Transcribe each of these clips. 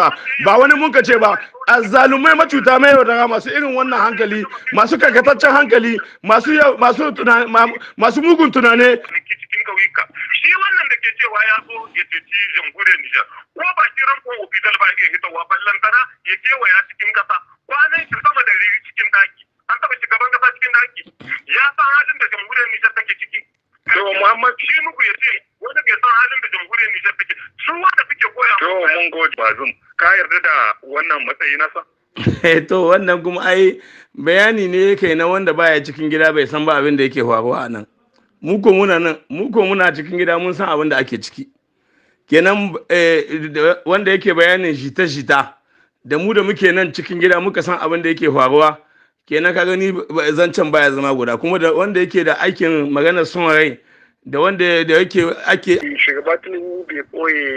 macuta ba wani mun ka ce ba azzalumai macuta mai yau daga masu irin wannan hankali masu karkataccen hankali masu masu masu mugun tunane shi wannan da ke cewa ya zo ya ceci jamhuriyar Nijar ko ba kiran ko ofital ba ya hitowa ballantana ya kewaya cikin kasa kwanan shi sama da cikin daki an taba shugaban kasa cikin daki ya san halin da jamhuriyar Nijar take ciki to Muhammad shi Tinubu ya ce wanda bai san halin da jamhuriyar Nijar take su wanda suke goya to mun gode bazum ka yarda da wannan matsayi nasa eh, to wannan kuma ai bayani ne yake na wanda baya cikin gida bai san ba abin da yake faruwa a nan mu ko muna nan mu ko muna cikin gida mun san abin da ake ciki kenan eh, wanda yake bayanin shita-shita da mu da muke nan cikin gida muka san abin da yake faruwa kenan ka gani zancen baya zama guda kuma da wanda yake da aikin maganar son rai da wanda da yake ake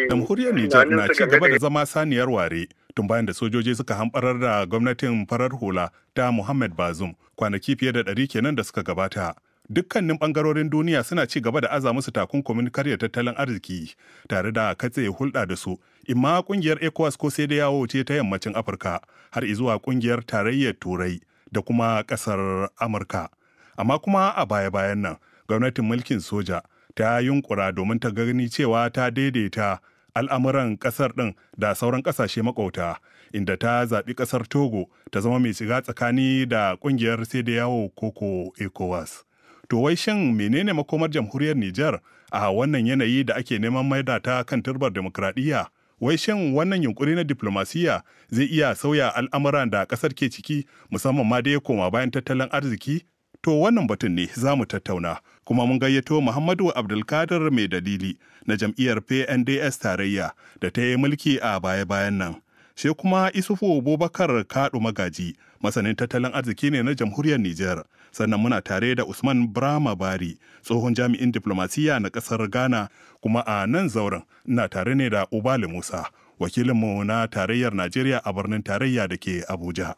jamhuriyar Nijar na ci gaba da zama saniyar ware tun bayan da sojoji suka hamɓarar da gwamnatin farar hula ta Muhammad Bazum kwanaki fiye da ɗari kenan da suka gabata. Dukkanin bangarorin duniya suna ci gaba da aza musu takunkumin karya tattalin arziki tare da katse hulɗa da su, imma ƙungiyar ECOWAS ko sai da yawo ce ta yammacin Afirka har izuwa kungiyar tarayyar Turai. da kuma ƙasar Amurka. Amma kuma a baya-bayan nan, gwamnatin mulkin soja ta yunkura domin ta gani cewa ta daidaita al'amuran ƙasar ɗin da sauran ƙasashe makauta, inda ta zaɓi ƙasar Togo ta zama mai shiga tsakani da ƙungiyar sai da yawo koko ECOWAS. To wai shin menene makomar jamhuriyar Nijar a wannan yanayi da ake neman maida ta kan turbar demokradiyya? wai shin wannan yunkuri na diplomasiya zai iya sauya al'amuran da kasar ke ciki musamman ma da ya koma bayan tattalin arziki to wannan batun ne za mu tattauna kuma mun gayyato muhammadu abdulkadir mai dalili na jam'iyyar pnds tarayya da ta yi mulki a baya-bayan nan sai kuma isufu abubakar kaɗu magaji masanin tattalin arziki ne na jamhuriyar Nijar sannan muna tare da usman brahma bari tsohon jami'in diplomasiya na ƙasar ghana kuma a nan zauren na tare ne da ubali musa wakilinmu na tarayyar najeriya a birnin tarayya da ke abuja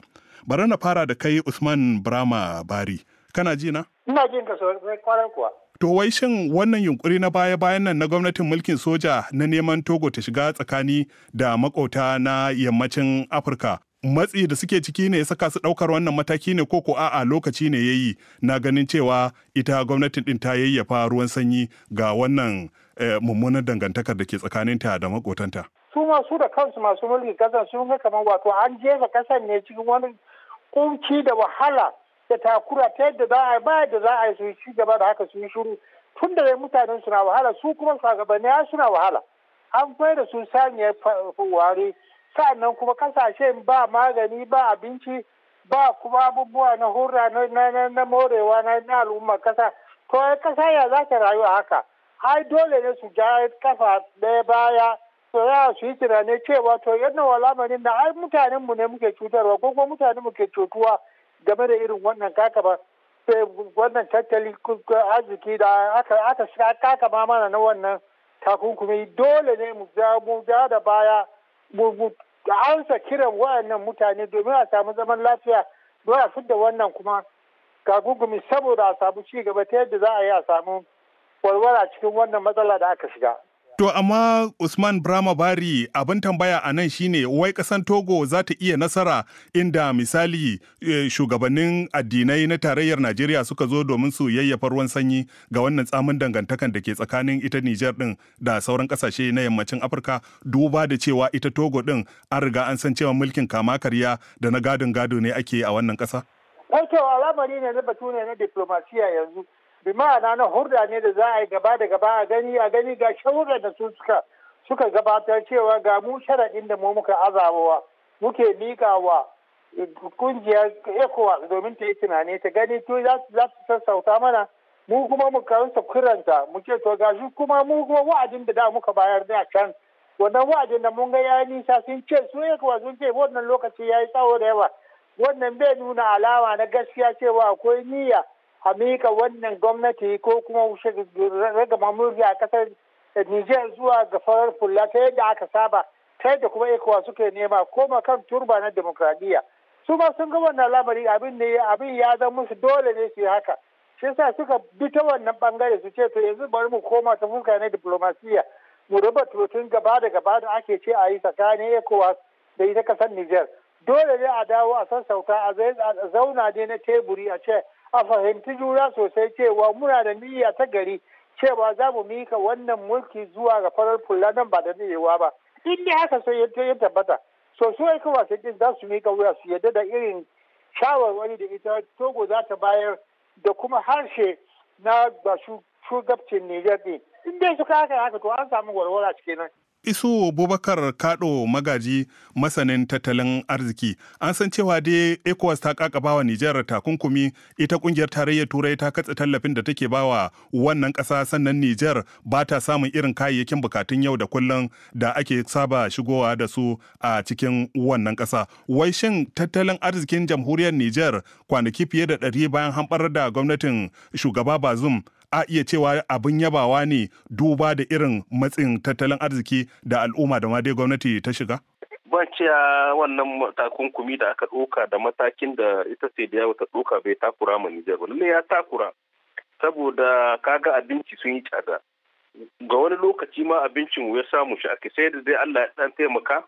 bari na fara da kai usman brahma bari kana ji na ina jin ka sosai kwarai kuwa To wai shin wannan yunkuri na baya-bayan nan na gwamnatin mulkin soja na neman Togo ta shiga tsakani da makota na yammacin Afirka matsi da suke ciki ne ya saka su ɗaukar wannan mataki ne ko ko a'a lokaci ne ya yi na ganin cewa ita gwamnatin ɗin ta yayyafa ruwan sanyi ga wannan eh, mummunan dangantakar da ke tsakaninta da makotanta. Su masu da kansu masu mulki kasan sun ga kamar wato an jefa kasan ne cikin wani kunci da wahala da takura ta yadda za a ba yadda za a yi su ci gaba da haka su yi shuru tun da dai mutanen suna wahala su kuma shugabanni ya suna wahala an fai da su sanya ware sa'annan kuma kasashen ba magani ba abinci ba kuma abubuwa na hurra na morewa na al'umma kasa to ya kasa ya za ta rayu a haka ai dole ne su ja kafa ɗaya baya to ya su yi tunanin cewa to yadda walamarin da ai mutanenmu ne muke cutarwa ko kuma mutanenmu ke cutuwa game da irin wannan kaka ba sai wannan tattali arziki da aka shiga kaka ba mana na wannan takunkumi dole ne mu ja da baya mu ansa kiran wayannan mutane domin a samu zaman lafiya don a fidda wannan kuma gagugumi saboda a samu ci gaba ta yadda za a yi a samu walwala cikin wannan matsala da aka shiga. To amma Usman Brahma Bari abin tambaya a nan shine wai kasan Togo za ta iya nasara inda misali eh, shugabannin addinai na tarayyar Najeriya suka zo domin su yayyafa ruwan sanyi ga wannan tsamin dangantakan da ke tsakanin ita Nijar din da sauran kasashe na yammacin Afirka duba da cewa ita Togo din an riga an san cewa mulkin kama karya da na gadon gado ne ake a wannan ƙasa Ai to al'amari ne na batu ne na diplomasiya yanzu bima'ana na hurda ne da za a yi gaba da gaba a gani a gani ga shawarar da su suka suka gabatar cewa ga mu sharaɗin da mu muka azabawa muke mika wa kungiyar ECOWAS domin ta yi tunani ta gani to za su sassauta mana mu kuma mu karanta kiranta mu ce to shi kuma mu kuma wa'adin da da muka bayar da can wannan wa'adin da mun ga ya nisa sun ce su ECOWAS sun ce wannan lokaci ya yi tsawo da yawa wannan bai nuna alama na gaskiya cewa akwai niyya a miƙa wannan gwamnati ko kuma raga mamurgi a kasar Nijar zuwa ga farar fulla ta yadda aka saba ta yadda kuma ECOWAS suke nema koma kan turba na demokradiyya. Su ma sun ga wannan lamari abin ne abin ya zan musu dole ne su yi haka. Shi sa suka bi ta wannan bangare su ce to yanzu bari mu koma ta fuska na diplomasiya. Mu raba tutun gaba da gaba da ake ce a yi tsakanin ECOWAS da ita kasar Nijar. Dole ne a dawo a sassauta a zauna ne na teburi a ce a fahimci juna sosai cewa muna da niyya ta gari cewa za mu mika wannan mulki zuwa ga farar fulla nan ba da daɗewa ba in dai haka so ya tabbata so su aika wasannin za su mika wuya su yadda da irin shawarwari da ita togo za ta bayar da kuma harshe na ba shugabcin nijar ɗin in dai suka haka haka to an samu warwara nan. iso bubakar kado magaji masanin tattalin arziki an san cewa dai ecowas ta kakaba bawa nijar takunkumi ita kungiyar tarayyar turai ta katse tallafin da take bawa wannan ƙasa sannan nijar ba ta samun irin kayayyakin bukatun yau da kullum da ake saba shigowa da su a cikin wannan ƙasa wai shin tattalin arzikin jamhuriyar nijar kwanaki fiye da ɗari bayan hamɓar da gwamnatin shugaba bazum a iya cewa abin yabawa ne duba da irin matsin tattalin arziki da al'umma da ma dai gwamnati ta shiga? baciya wannan takunkumi da aka ɗauka da matakin da ita ce da yawa ta ɗauka bai takura ma Nijar ba. Lallai ya takura saboda kaga abinci sun yi tsada. Ga wani lokaci ma abincin ya samu shi ake sai da dai Allah ya ɗan taimaka.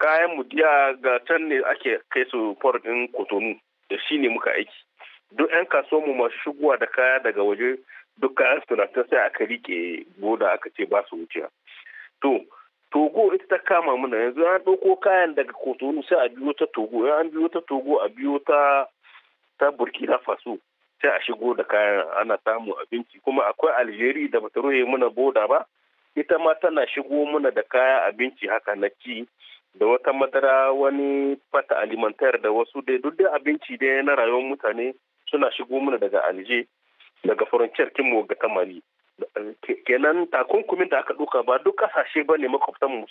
Kayan mu diya ga can ne ake kai su port ɗin Kotonu da shi ne muka aiki. duk 'yan mu masu shigowa da kaya daga waje duk yan suna sai aka rike boda aka ce ba su wuce to togo ita ta kama mana yanzu an ɗauko kayan daga kotonu sai a biyo ta togo in an biyo ta togo a biyo ta ta burkina faso sai a shigo da kayan ana samu abinci kuma akwai algeria da bata ruhe mana boda ba ita ma tana shigo mana da kaya abinci haka na ci da wata madara wani fata alimantar da wasu dai duk da abinci dai na rayuwar mutane suna shigo mana daga alje daga faranciyar kinmu ga tamari kenan takunkumin da aka duka ba duk kasashe ba ne mu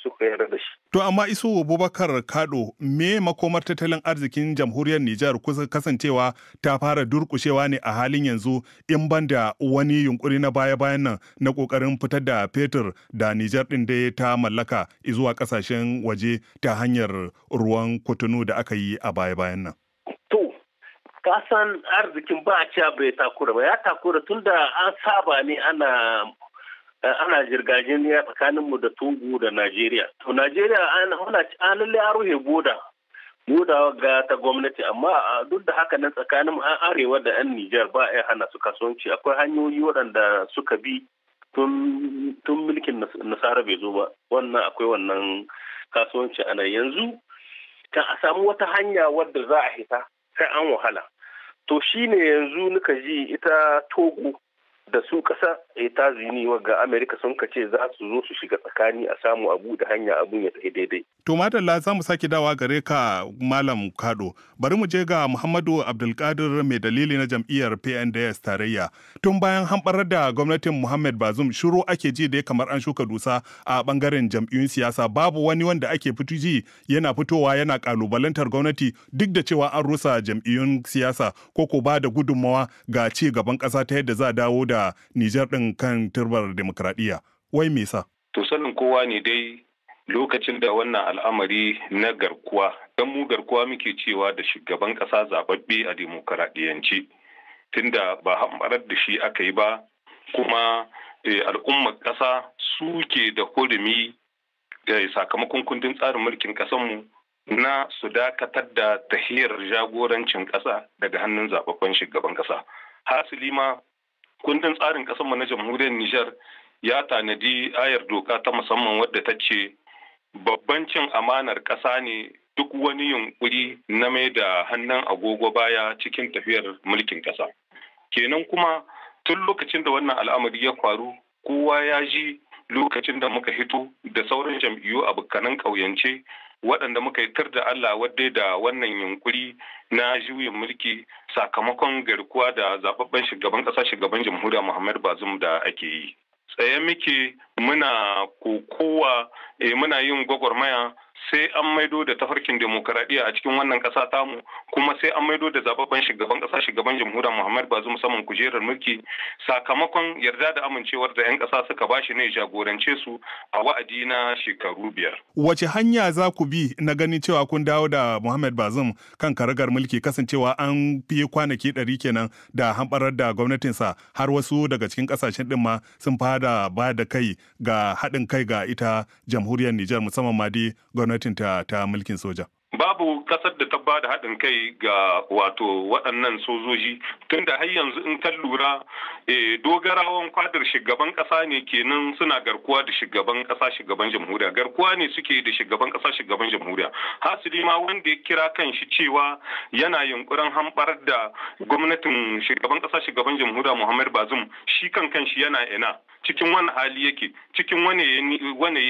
suka yarda da shi. To amma iso Abubakar Kado me makomar tattalin arzikin jamhuriyar Nijar kusa kasancewa ta fara durkushewa ne a halin yanzu in banda wani yunkuri na baya-bayan nan na kokarin fitar da fetur da Nijar din da ta mallaka zuwa kasashen waje ta hanyar ruwan kotunu da aka yi a baya-bayan nan. kasan arzikin ba a cewa bai takura ba ya takura tun da an saba ne ana ana tsakanin tsakaninmu da togo da najeriya to najeriya an lalle an rufe boda boda ga ta gwamnati amma duk da haka nan tsakanin an arewa da yan nijar ba a hana su kasuwanci akwai hanyoyi waɗanda suka bi tun mulkin nasara bai zo ba wannan akwai wannan kasuwanci ana yanzu kan a samu wata hanya wadda za a hita sai an wahala to shine yanzu nika ji ita togo da su kasa eh, ta zini ga amerika sun kace za su zo su shiga tsakani a samu abu da hanya abun ya tafi daidai to madalla za mu sake dawa gare ka malam kado bari mu je ga muhammadu abdulkadir mai dalili na jam'iyyar pnds tarayya tun bayan hamɓarar da gwamnatin muhammad bazum shiru ake ji da kamar an shuka dusa a bangaren jam'iyyun siyasa babu wani wanda ake fito ji yana fitowa yana kalubalantar gwamnati duk da cewa an rusa jam'iyyun siyasa ko ko ba da gudummawa ga ci gaban ƙasa ta yadda za a dawo da da Nijar ɗin kan turbar demokradiyya. Wai me sa? To sanin kowa ne dai lokacin da wannan al'amari na garkuwa, don mu garkuwa muke cewa da shugaban ƙasa zababbe a demokradiyyance. Tunda ba hambarar da shi aka yi ba, kuma eh, al'ummar ƙasa suke da hurumi eh, sakamakon kundin tsarin mulkin ƙasanmu na su dakatar da tahiyar jagorancin ƙasa daga hannun zababben shugaban ƙasa. Hasili ma kundin tsarin mu na jamhuriyar Nijar ya tanadi ayar doka ta musamman wadda ta ce babban cin amanar ƙasa ne duk wani yunƙuri na mai da hannun agogo baya cikin tafiyar mulkin ƙasa. Kenan kuma tun lokacin da wannan al'amari ya faru kowa ya ji lokacin da muka hito da sauran jam'iyyu a bukkanin ƙauyance waɗanda muka yi tur da Allah wadda da wannan yunkuri na juyin mulki sakamakon garkuwa da zaɓaɓɓen shugaban ƙasa shugaban jamhuriya Muhammad Bazum da ake yi. Tsaye muke muna kokowa eh, muna yin gwagwarmaya sai an maido da tafarkin demokaradiyya a cikin wannan ƙasa tamu kuma sai an maido da zababban shugaban ƙasa shugaban jamhuriya muhammad bazu musamman kujerar mulki sakamakon yarda da amincewar da 'yan ƙasa suka ba bashi ne jagorance su a wa'adi na shekaru biyar. wace hanya za ku bi na ganin cewa kun dawo da muhammad bazum kan karagar mulki kasancewa an fi kwanaki ɗari kenan da hamɓarar da gwamnatinsa har wasu daga cikin ƙasashen din ma sun fada ba da kai ga haɗin kai ga ita jamhuriyar nijar musamman ma dai gwamnati gwamnatinta ta mulkin soja? babu kasar da ta ba da haɗin kai ga wato waɗannan sojoji tunda har yanzu in kan lura e, dogarawan kwadar shugaban ƙasa ne kenan suna garkuwa da shugaban ƙasa shugaban jamhuriya garkuwa ne suke da shugaban ƙasa shugaban jamhuriya hasili ma wanda ya kira kan shi cewa yana yunkurin hambar da gwamnatin shugaban ƙasa shugaban jamhuriya muhammad bazum shi kan kanshi yana ina cikin wani hali yake cikin wani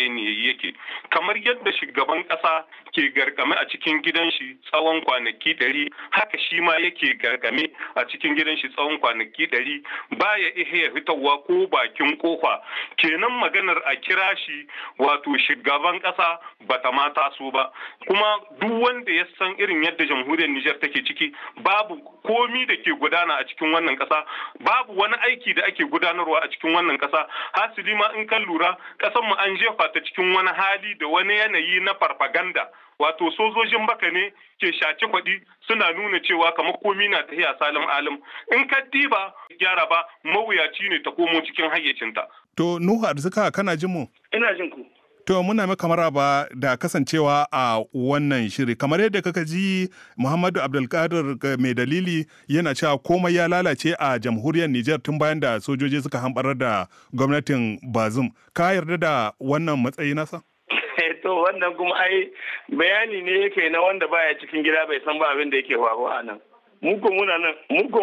yanayi yake kamar yadda shugaban ƙasa ke gargame a cikin gidan shi tsawon kwanaki ɗari haka shi ma yake gargame a cikin gidan shi tsawon kwanaki ɗari baya iya fitowa ko bakin kofa kenan maganar a kira shi wato shugaban ƙasa bata ma taso ba kuma duk wanda ya san irin yadda jamhuriyar Nijar take ciki babu komi da ke gudana a cikin wannan ƙasa babu wani aiki da ake gudanarwa a cikin wannan ƙasa hasili ma in kan lura kasan mu an jefa ta cikin wani hali da wani yanayi na farfaganda wato sojojin baka ne ke shaci kwaɗi suna nuna cewa kamar komi na tafiya salim alim in ka diba gyara ba mawuyaci ne ta komo cikin hayyacinta. To Nuhu Arzika kana jin mu? Ina jin ku. To muna kamara ba da kasancewa a wannan shiri. Kamar yadda kaka ji Muhammadu Abdulkadir eh, mai dalili yana cewa komai ya lalace a jamhuriyar Nijar tun bayan da sojoji suka hambarar da gwamnatin Bazum. Ka yarda da wannan matsayi nasa? to wannan kuma ai bayani ne yake na wanda baya cikin gida bai san ba abin da yake faruwa a nan. Mu ko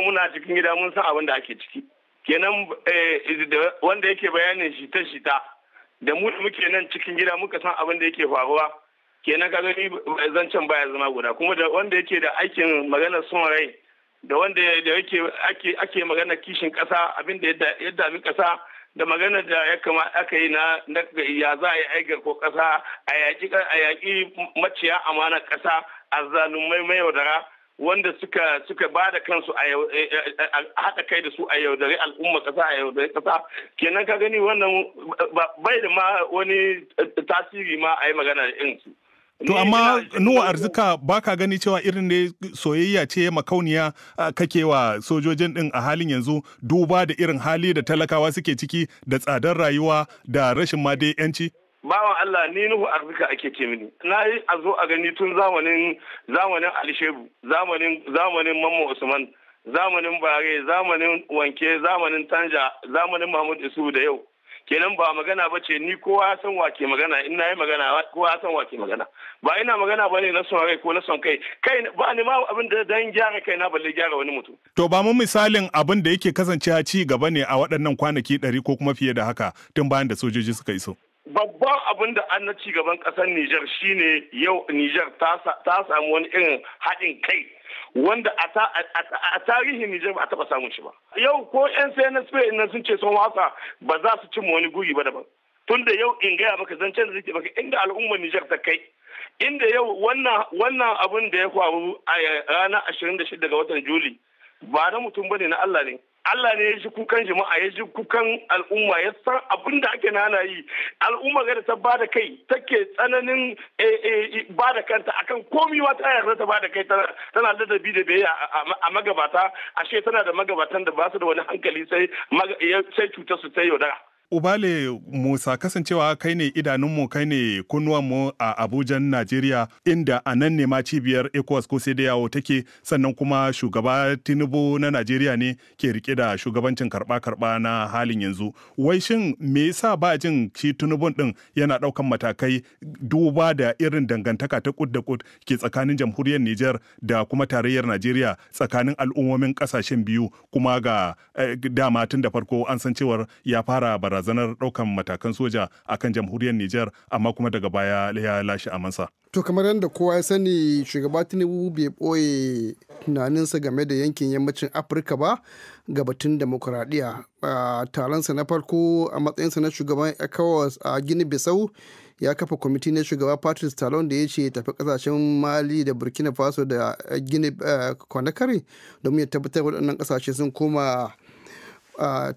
muna cikin gida mun san abin da ake ciki. Kenan eh, wanda yake bayanin shi ta shita da mu da muke nan cikin gida muka san abin da yake faruwa kenan ka gani zancen baya zama guda kuma da wanda yake da aikin magana son rai da wanda da yake ake ake magana kishin kasa abin da ya dami kasa da magana da ya kama aka yi na ya za a yi ko kasa a yaƙi maciya amana kasa a zalumai mai yaudara wanda suka suka ba da kansu a eh, eh, eh, haɗa kai da su a yaudare al'umma ƙasa a yaudare ƙasa kenan ka gani wannan bai da ma wani tasiri ma a yi magana da irinsu. To amma nuwa arzika ba ka gani cewa irin ne soyayya ce makauniya kake wa sojojin ɗin a halin yanzu duba da irin hali da talakawa suke ciki da tsadar rayuwa da rashin ma 'yanci? bawan Allah ni Nuhu Arzika ake ce mini na yi a zo a gani tun zamanin zamanin alishebu zamanin zamanin Mamman Usman zamanin Bare zamanin Wanke zamanin Tanja zamanin Mahmud Isu da yau kenan ba magana ba ce ni kowa ya san wake magana in yi magana kowa ya san wake magana ba ina magana ba ne na son rai ko na son kai kai ba ni ma abin da dan gyara kai na balle gyara wani mutum. to ba mun misalin abin da yake kasancewa ci gaba ne a waɗannan kwanaki ɗari ko kuma fiye da haka tun bayan da sojoji suka iso. babban abin da an na ci gaban kasar Nijar shine yau Nijar ta samu wani irin haɗin kai wanda a tarihin Nijar ba a taɓa samun shi ba. Yau ko 'yan CNSP nan sun ce sun wasa ba za su cimma wani guri ba daban. Tunda da yau in gaya maka zancen da zai maka inda al'ummar Nijar ta kai. Inda yau wannan abin da ya faru a ranar 26 ga watan Juli ba na mutum bane na Allah ne. Allah ne ya ji kukan jama'a ya ji kukan al'umma ya san abin da ake nana yi al'umma ga ta ba da kai take tsananin eh, eh, ba da kanta akan komi ma ta yarda ta ba da kai tana ladabi da biyayya a magabata ashe tana da magabatan da ba su da wani hankali sai sai cutar su ta yaudara Ubale Musa kasancewa kai ne idanunmu kai ne kunnuwanmu a Abuja, Najeriya inda a nan ne ma cibiyar ECOWAS ko sai yawo take sannan kuma shugaba Tinubu na Najeriya ne ke rike da shugabancin karba-karba na halin yanzu. Wai shin me yasa ba jin shi Tinubu din yana daukan matakai duba da irin dangantaka ta kud da kud ke tsakanin jamhuriyar Nijar da kuma tarayyar Najeriya tsakanin al'ummomin kasashen biyu kuma ga eh, dama tun da farko an san cewar ya fara bara barazanar ɗaukan matakan soja a kan jamhuriyar Nijar amma kuma daga baya ya lashe amansa. To kamar yadda kowa ya sani shugaba Tinubu bai ɓoye tunaninsa game da yankin yammacin Afirka ba ga batun demokuraɗiyya. A taronsa na farko a matsayinsa na shugaban ECOWAS a Gini bisau ya kafa kwamiti na shugaba Patrice Talon da ya ce tafi kasashen Mali da Burkina Faso da Gini Kwanakari eh, domin ya tabbatar waɗannan kasashe sun koma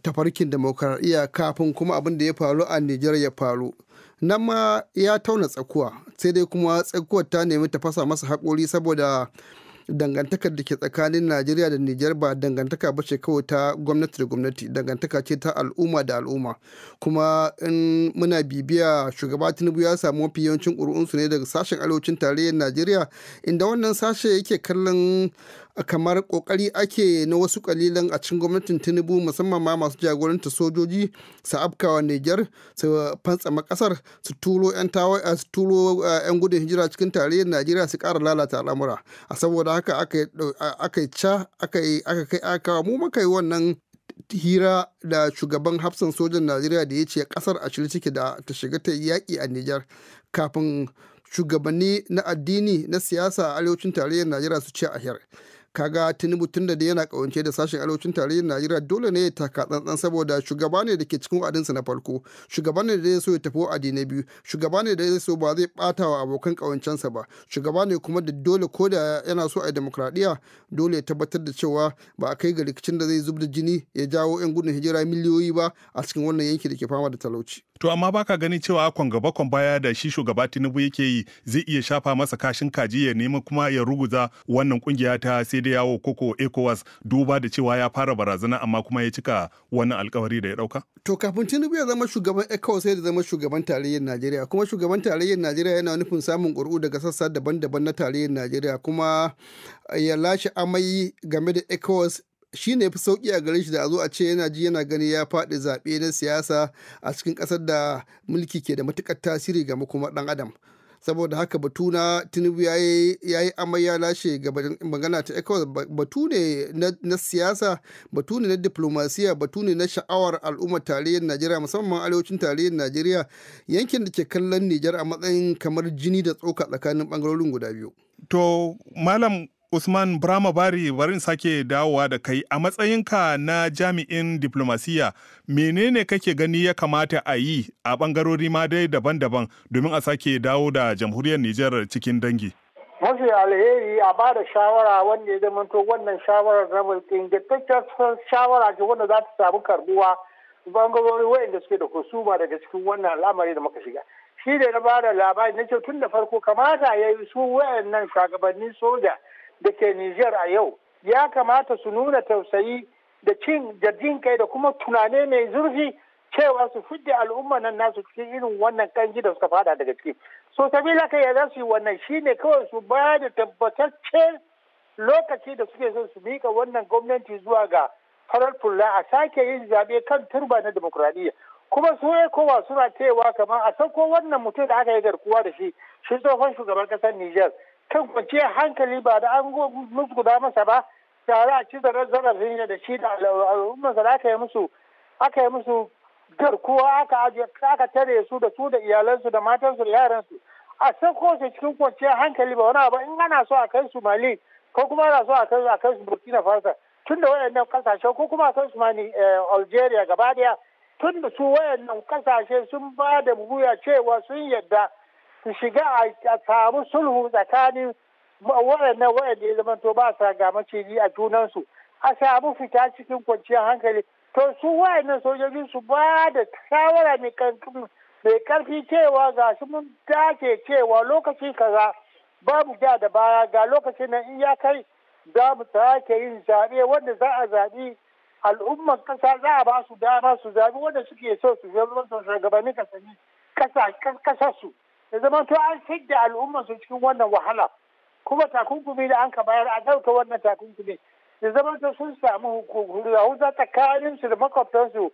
tafarkin demokaradiyya kafin kuma abin da ya faru a Nijar ya faru. Nan ma ya tauna tsakuwa sai dai kuma tsakuwar ta nemi tafasa masa haƙori saboda dangantaka da ke tsakanin Najeriya da Nijar ba dangantaka ba ce kawai ta gwamnati da gwamnati dangantaka ce ta al'umma da al'umma kuma in muna bibiya shugaba Tinubu ya samu mafi yawancin ƙuri'unsu ne daga sashen arewacin tarayyar Najeriya inda wannan sashe yake kallon kamar kokari ake na wasu kalilan a cikin gwamnatin tinubu musamman ma masu jagoranta sojoji su afkawa niger su fantsama kasar su turo yan eh, eh, gudun hijira cikin tarayyar najeriya su kara lalata al'amura a saboda haka aka yi ca aka kai aka mu maka yi wannan hira da shugaban hafsan sojan najeriya da ya ce kasar a shirye take da ta shiga ta yaƙi a niger kafin shugabanni na addini na siyasa a arewacin tarayyar najeriya su ce a hiyar kaga tinubu tun da yana kawance da sashen arewacin tarayyar najeriya dole ne ya taka tsantsan saboda shugaba ne da ke cikin wa'adinsa na farko shugaba ne da ya so ya tafi wa'adi na biyu shugaba ne da ya so ba zai bata wa abokan kawancensa ba shugaba ne kuma da dole ko da yana so a demokradiyya dole ya tabbatar da cewa ba a kai ga rikicin da zai zub da jini ya jawo 'yan gudun hijira miliyoyi ba a cikin wannan yanki da ke fama da talauci. To amma baka gani cewa kwan gaba kwan baya da shi shugaba Tinubu yake yi zai iya shafa masa kashin kaji ya nema kuma ya ruguza wannan kungiya ta sai da yawo koko ECOWAS duba da cewa ya fara barazana amma kuma ya cika wannan alkawari da ya dauka. To kafin Tinubu ya zama shugaban ECOWAS sai da zama shugaban tarayyar Najeriya kuma shugaban tarayyar Najeriya yana nufin samun ƙuri'u daga sassa daban-daban na tarayyar Najeriya kuma ya lashe amai game da ECOWAS shi ne fi sauki a gare shi da a zo a ce yana ji yana gani ya faɗi zaɓe na siyasa a cikin ƙasar da mulki ke da matuƙar tasiri ga makoma ɗan adam saboda haka batu na tinubu ya yi amai ya lashe ga magana ta ecowas batu ne na siyasa batu ne na diplomasiya batu ne na sha'awar al'ummar tarayyar najeriya musamman arewacin tarayyar najeriya yankin da ke kallon nijar a matsayin kamar jini da tsoka tsakanin bangarorin guda biyu to malam Usman Brahma Bari barin sake dawowa da kai a matsayinka na jami'in diplomasiya menene kake gani ya kamata a yi a bangarori ma dai daban-daban domin a sake dawo da jamhuriyar Nijar cikin dangi? Mafi alheri a ba da shawara wanda ya to wannan shawarar rabar ingantaccen shawara ce wanda za ta samu karbuwa bangarori wayanda suke da kusuma daga cikin wannan al'amari da muka shiga. Shi da na ba da labari na ce tun da farko kamata ya yi su wayannan shugabannin soja da ke Nijar a yau ya kamata su nuna tausayi da cin da jin kai da kuma tunane mai zurfi cewa su fidda al'umma nan nasu cikin irin wannan kanji da suka fada daga ciki so sabila kai ya za su yi wannan shine kawai su ba da tabbatacce lokaci da suke son su mika wannan gwamnati zuwa ga farar fulla a sake yin zaɓe kan turba na demokuraɗiyya kuma su ya kowa suna cewa kamar a sauko wannan mutum da aka yi garkuwa da shi shi tsohon shugaban ƙasar Nijar kan kwanciyar hankali ba da an musguda masa ba tare a ci zarafin da shi da al'ummarsa da aka yi musu aka yi musu garkuwa aka aka tare su da su da iyalansu da matansu da yaransu a ko su cikin kwanciyar hankali ba wani abu in ana so a kai su mali ko kuma ana so a kai a kai su burkina faso tun da wayannan kasashe ko kuma a kai su mali eh, algeria gaba daya tun da su wayannan kasashe sun ba da buya cewa sun yadda su shiga a samu sulhu tsakanin waɗannan waɗanda ya zama to ba sa ga maciji a junansu a samu fita cikin kwanciyar hankali to su waɗannan sojoji su ba da shawara mai karfi cewa ga su mun dace cewa lokaci kaza mu ja da baya ga lokacin nan in ya kai za mu sake yin zaɓe wanda za a zaɓi al'umman ƙasa za a ba su dama su zaɓi wanda suke so su zama shugabannin kasa su. ya zama to an fidda al'ummar su cikin wannan wahala kuma takunkumi da an ka bayar a ɗauka wannan takunkumi ya zama to sun samu ta tsakanin su da makwabtansu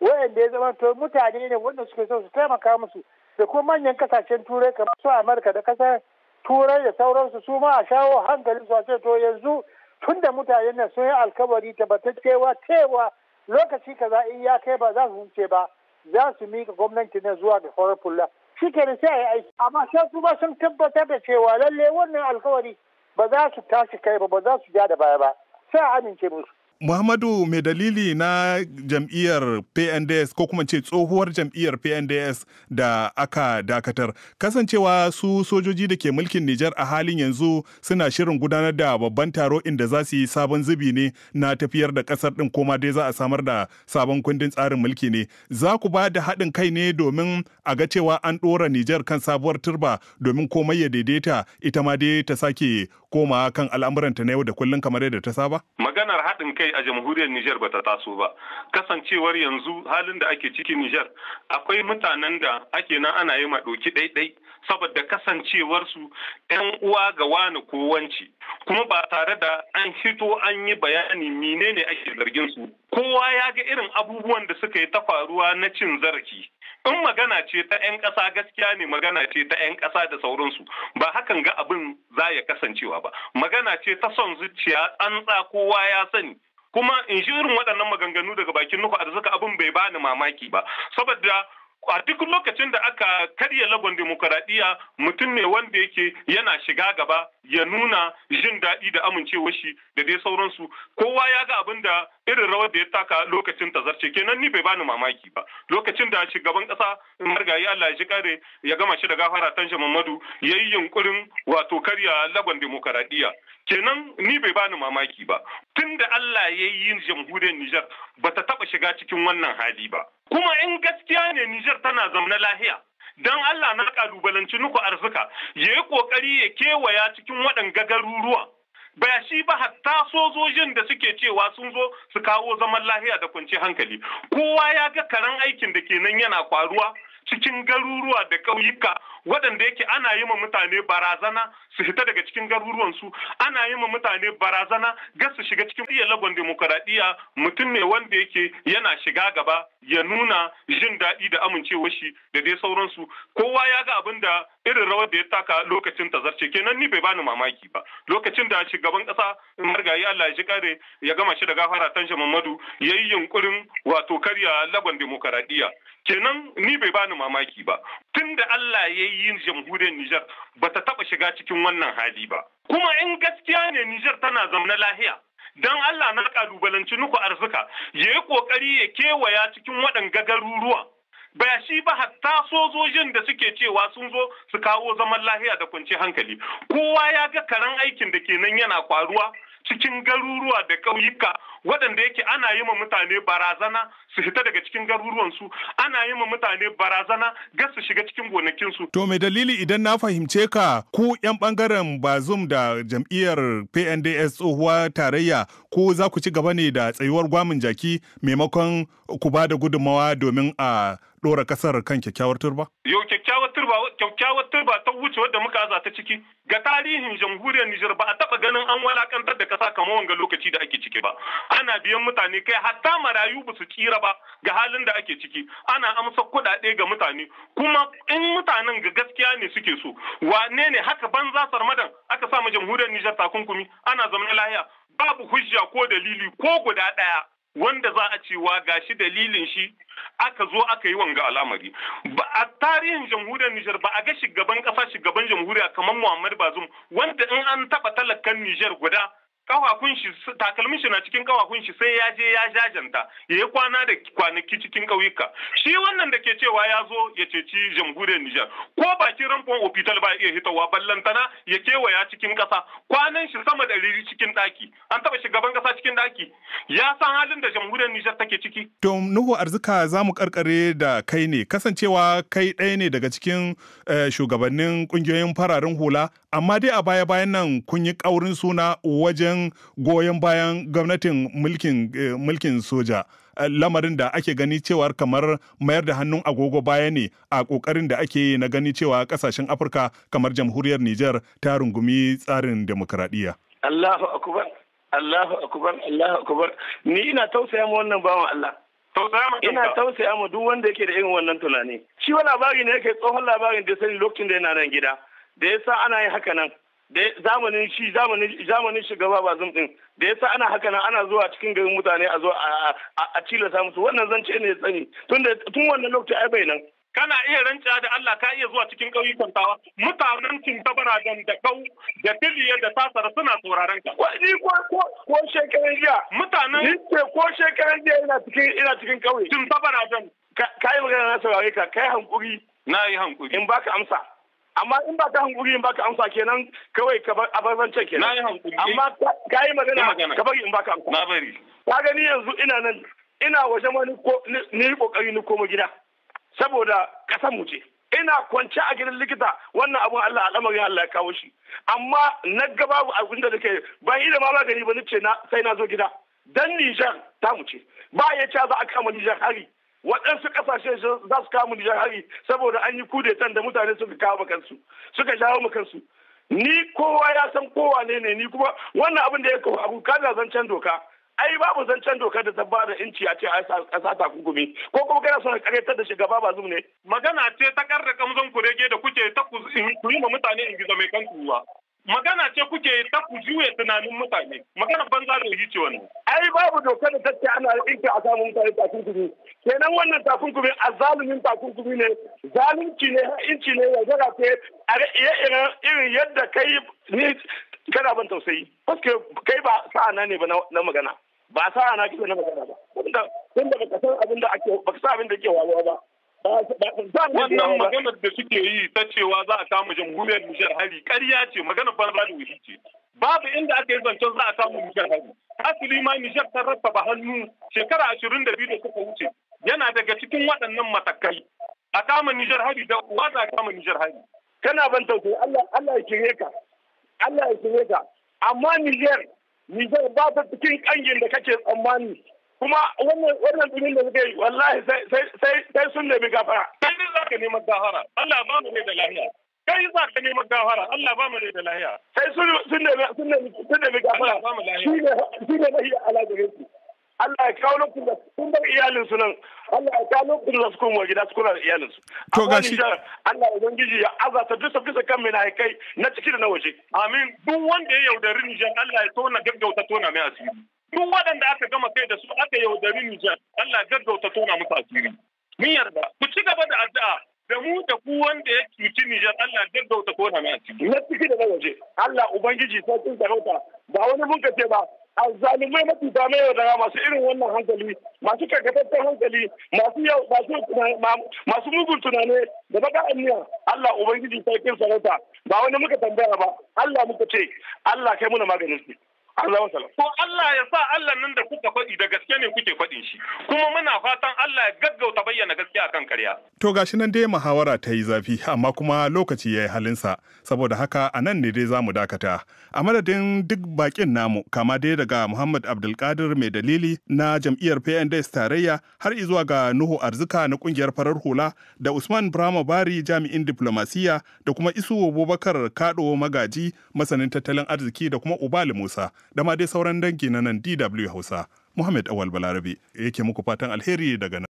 wayanda ya zama to mutane ne wanda suke so su taimaka musu da kuma manyan kasashen turai kamar su amurka da kasar turai da sauransu su ma a shawo hankali su ce to yanzu tun da mutanen nan sun yi alkawari tabbataccewa cewa lokaci kaza in ya kai ba za su wuce ba za su mika gwamnati na zuwa ga farar fulla shi da sai a aiki amma sai kuma sun tabbatar da cewa lalle wannan alkawari ba za su tashi kai ba ba za su ja da baya ba sai a amince musu Muhammadu mai dalili na jam'iyyar PNDS ko kuma ce tsohuwar jam'iyyar PNDS da aka dakatar. Kasancewa su sojoji da ke mulkin Nijar a halin yanzu suna shirin gudanar da babban taro inda za su yi sabon zubi ne na tafiyar da kasar din koma dai za a samar da sabon kundin tsarin mulki ne. Za ku ba da haɗin kai ne domin a ga cewa an ɗora Nijar kan sabuwar turba domin komai ya daidaita ita ma dai ta sake koma kan al'amuranta na yau da kullum kamar yadda ta saba? Maganar haɗin kai a jamhuriyar Nijar bata taso ba kasancewar yanzu halin da ake cikin Nijar akwai mutanen da ake nan ana yi maɗoki ɗaiɗai saboda kasancewarsu ‘yan uwa ga wani kowanci kuma ba tare da an fito an yi bayani menene ake zargin su kowa ya ga irin abubuwan da suka yi ta faruwa na cin zarafi in magana ce ta 'yan ƙasa gaskiya ne magana ce ta 'yan ƙasa da sauransu ba hakan ga abin za ya kasancewa ba magana ce ta son zuciya tsantsa kowa ya sani kuma in ji irin waɗannan maganganu daga bakin nuhu arzika abin bai bani mamaki ba saboda a duk lokacin da aka karya lagon demokuraɗiyya mutum ne wanda yake yana shiga gaba ya nuna jin daɗi da amincewar shi da dai sauransu kowa ya ga abin da irin rawar da ya taka lokacin tazarce kenan ni bai bani mamaki ba lokacin da shugaban ƙasa margayi Allah ya ji kare ya gama shi da gafara tanja Muhammadu yi yunkurin wato karya lagon demokuraɗiyya kenan ni bai bani mamaki ba tun da Allah ya yi yin jamhuriyar Nijar ba ta taɓa shiga cikin wannan hali ba. Kuma in gaskiya ne Nijar tana zamna lahiya. Don Allah na ƙalubalanci nuku arzika ya yi ƙoƙari ya kewaya cikin waɗanga garuruwa. Ba shi ba hatta sojojin da suke cewa sun zo su kawo zaman lahiya da kwanci hankali. Kowa ya ga karan aikin da kenan yana kwaruwa cikin garuruwa da ƙauyuka waɗanda yake ana yi ma mutane barazana su fita daga cikin garuruwansu ana yi ma mutane barazana ga su shiga cikin iya lagon demokaradiyya mutum ne wanda yake yana shiga gaba ya nuna jin daɗi da amincewa shi da dai sauransu kowa ya ga abin da irin rawar da ya taka lokacin tazarce kenan ni bai bani mamaki ba lokacin da shugaban ƙasa margayi Allah ya ji kare ya gama shi da gafara tanshi Muhammadu ya yi yunkurin wato karya lagon demokaradiyya kenan ni bai bani mamaki ba tun da Allah ya yi yin jamhuriyar Nijar ba ta taɓa shiga cikin wannan hali ba. Kuma in gaskiya ne Nijar tana zaune lahiya. Don Allah na ƙalubalanci nuku arzika ya yi ƙoƙari ya kewaya cikin waɗan gagaruruwa. Ba shi ba hatta sojojin da suke cewa sun zo su kawo zaman lahiya da kwanci hankali. Kowa ya ga karan aikin da kenan yana kwaruwa cikin garuruwa da ƙauyuka waɗanda yake ana yi ma mutane barazana su fita daga cikin garuruwansu ana yi ma mutane barazana ga su shiga cikin gonakinsu. To mai dalili idan na fahimce ka ku 'yan ɓangaren bazum da jam'iyyar PNDS tsohuwa tarayya ko za ku ci gaba ne da tsayuwar gwamin jaki maimakon ku ba da gudummawa domin a dora ƙasar kan kyakkyawar turba? Yo kyakkyawar turba kyakkyawar turba ta wuce wadda muka aza ta ciki ga tarihin jamhuriyar Nijar ba a taba ganin an walakantar da kasa kamar wanga lokaci da ake ciki ba. Ana biyan mutane kai hatta marayu ba su tsira ba ga halin da ake ciki. Ana amsa kuɗaɗe ga mutane kuma in mutanen ga gaskiya ne suke so. Wane ne haka banza sarmadan aka samu jamhuriyar Nijar takunkumi ana zaman lahiya babu hujja ko dalili ko guda ɗaya wanda za a cewa gashi dalilin shi aka zo aka yi wanga al'amari ba a tarihin jamhuriyar Nijar ba a ga shugaban kasa shugaban jamhuriya kamar Muhammadu Bazoum wanda in an taba talakan Nijar guda kawakun shi takalmin shi na cikin kawakun shi sai ya je ya jajanta ya yi kwana da kwanaki cikin ƙauyuka shi wannan da ke cewa ya zo ya ceci jamhuriyar Nijar ko bakin ranfon ofital ba iya hitowa ballantana ya kewaya cikin kasa kwanan shi sama da riri cikin ɗaki an taɓa shugaban ƙasa cikin ɗaki ya san halin da jamhuriyar Nijar take ciki. To Nuhu Arzika za mu karkare da kai ne kasancewa kai ɗaya ne daga cikin eh, shugabannin ƙungiyoyin fararen hula amma dai a baya-bayan nan kun yi kaurin suna wajen bayan goyon bayan gwamnatin mulkin eh, soja eh, lamarin da ake gani cewa kamar mayar da hannun agogo baya ne a kokarin da ake yi na gani cewa kasashen afirka kamar jamhuriyar niger ta rungumi tsarin demokradiyya allahu akubar allahu akubar allahu akubar ni ina tausaya mu wannan bawan allah ina tausaya mu duk wanda yake da irin wannan tunani shi wani labari ne yake tsohon labarin da sani lokacin da yana nan gida da ya sa ana yin haka nan da zamanin shi zamanin zamanin ba bazum din da yasa ana haka nan ana zuwa cikin garin mutane a zo a tilasa musu wannan zance ne tsani tun tun wannan lokaci ai bai nan kana iya rantsa da Allah ka iya zuwa cikin ƙauyukan tawa mutanen cin tabara dan da kau da tiliya da tasara suna tsoraran ka ni ko ko shekaran jiya mutanen ni ce ko shekaran jiya ina cikin ina cikin ƙauye cin tabara dan kai magana na sauraye ka kai hankuri na yi hankuri in baka amsa amma in ba ka hankuri in ka amsa kenan kawai ka bar can kenan na yi amma ka yi magana ka bari in ka amsa na bari ka gani yanzu ina nan ina waje wani ni yi kokari ni koma gida saboda kasan mu ce ina kwance a gidan likita wannan abun Allah al'amarin Allah ya kawo shi amma na ga babu abin da nake ban yi da ma magani ba ni ce sai na zo gida dan Nijar ta mu ce ba ya ce za a kama Nijar hari waɗansu ƙasashe za su kama Nijar hari saboda an yi kudetan da mutane suka kama kansu suka jawo kansu ni kowa ya san kowa ne ne ni kuma wannan abin da ya kawo abu kana zancen doka ai babu zancen doka da ta bada inci a ce a sa takunkumi ko kuma kana son karyatar da shugaba ba zum ne magana ce ta karda kamzon kurege da kuke ta ku yi ma mutane in gizo mai kanku ba magana ce kuke ta ku juya tunanin mutane magana banza da yi ce wannan ai babu doka da tace ana inke a samu mutane takunkumi kenan wannan takunkumi a zalumin takunkumi ne zalunci ne inci ne daga ce a irin yadda kai ni kana ban tausayi paske kai ba sa'ana ne ba na magana ba sa'ana kike na magana ba tunda tunda baka san abin da ake ba san abin da ke wawa ba Wannan maganar da suke yi ta cewa za a kama jamhuriyar Nijar hari ƙarya ce maganar ba da wuri ce. Babu inda aka yi zancen za a kama Nijar hari. Asali ma Nijar ta ba hannu shekara ashirin da biyu da suka wuce yana daga cikin waɗannan matakai. A kama Nijar hari da kuwa za a kama Nijar hari. Kana ban tausayi Allah Allah ya kire ka. Allah ya kire ka. Amma Nijar Nijar ba ta cikin ƙangin da kake tsammani. kuma wannan wannan jinin da suke yi wallahi sai sun nemi gafara kai ne za ka nemi gafara Allah ba mu ne da lahiya kai za ka nemi gafara Allah ba mu ne da lahiya sai sun nemi gafara shi ne lahiya shine shine Allah gare su Allah ya kawo lokacin da sun bar iyalin su nan Allah ya kawo lokacin da su wa gida su iyalin su to gashi Allah ya giji ya azata dusa bisa kan mai na kai na ciki da na waje amin duk wanda ya yaudari Nijar Allah ya tona gaggauta tona mai asiri duk waɗanda aka gama kai da su aka yaudari Nijar Allah gaggauta tona musu asiri mun yarda ku ci gaba da addu'a da mu da ku wanda ya cuci Nijar Allah gaggauta tona mai asiri na ciki da waje Allah ubangiji sarkin sarauta ba wani mun ce ba a zalimai matuta mai yaudara masu irin wannan hankali masu karkataccen hankali masu yau masu mugun tunane da baka aniya Allah ubangiji sarkin sarauta ba wani muka tambaya ba Allah muka ce Allah kai muna maganin su Ko Allah ya sa Allah nan da kuka faɗi da gaske ne kuke faɗin shi, kuma muna fatan Allah ya gaggauta bayyana gaskiya kan karya. To gashi nan dai muhawara ta yi zafi, amma kuma lokaci ya yi halinsa, saboda haka a nan ne dai za mu dakata. A madadin duk bakin namu, kama dai daga Muhammad Abdulkadir mai dalili na jam'iyyar PNDS tarayya har izuwa ga Nuhu Arzika na kungiyar farar hula da Usman Brahma Bari jami'in diplomasiya da kuma Isu Abubakar Kado magaji masanin tattalin arziki da kuma Ubali Musa. da ma dai sauran dangi na nan DW Hausa. Muhammad Awal Balarabe yake muku fatan alheri daga nan.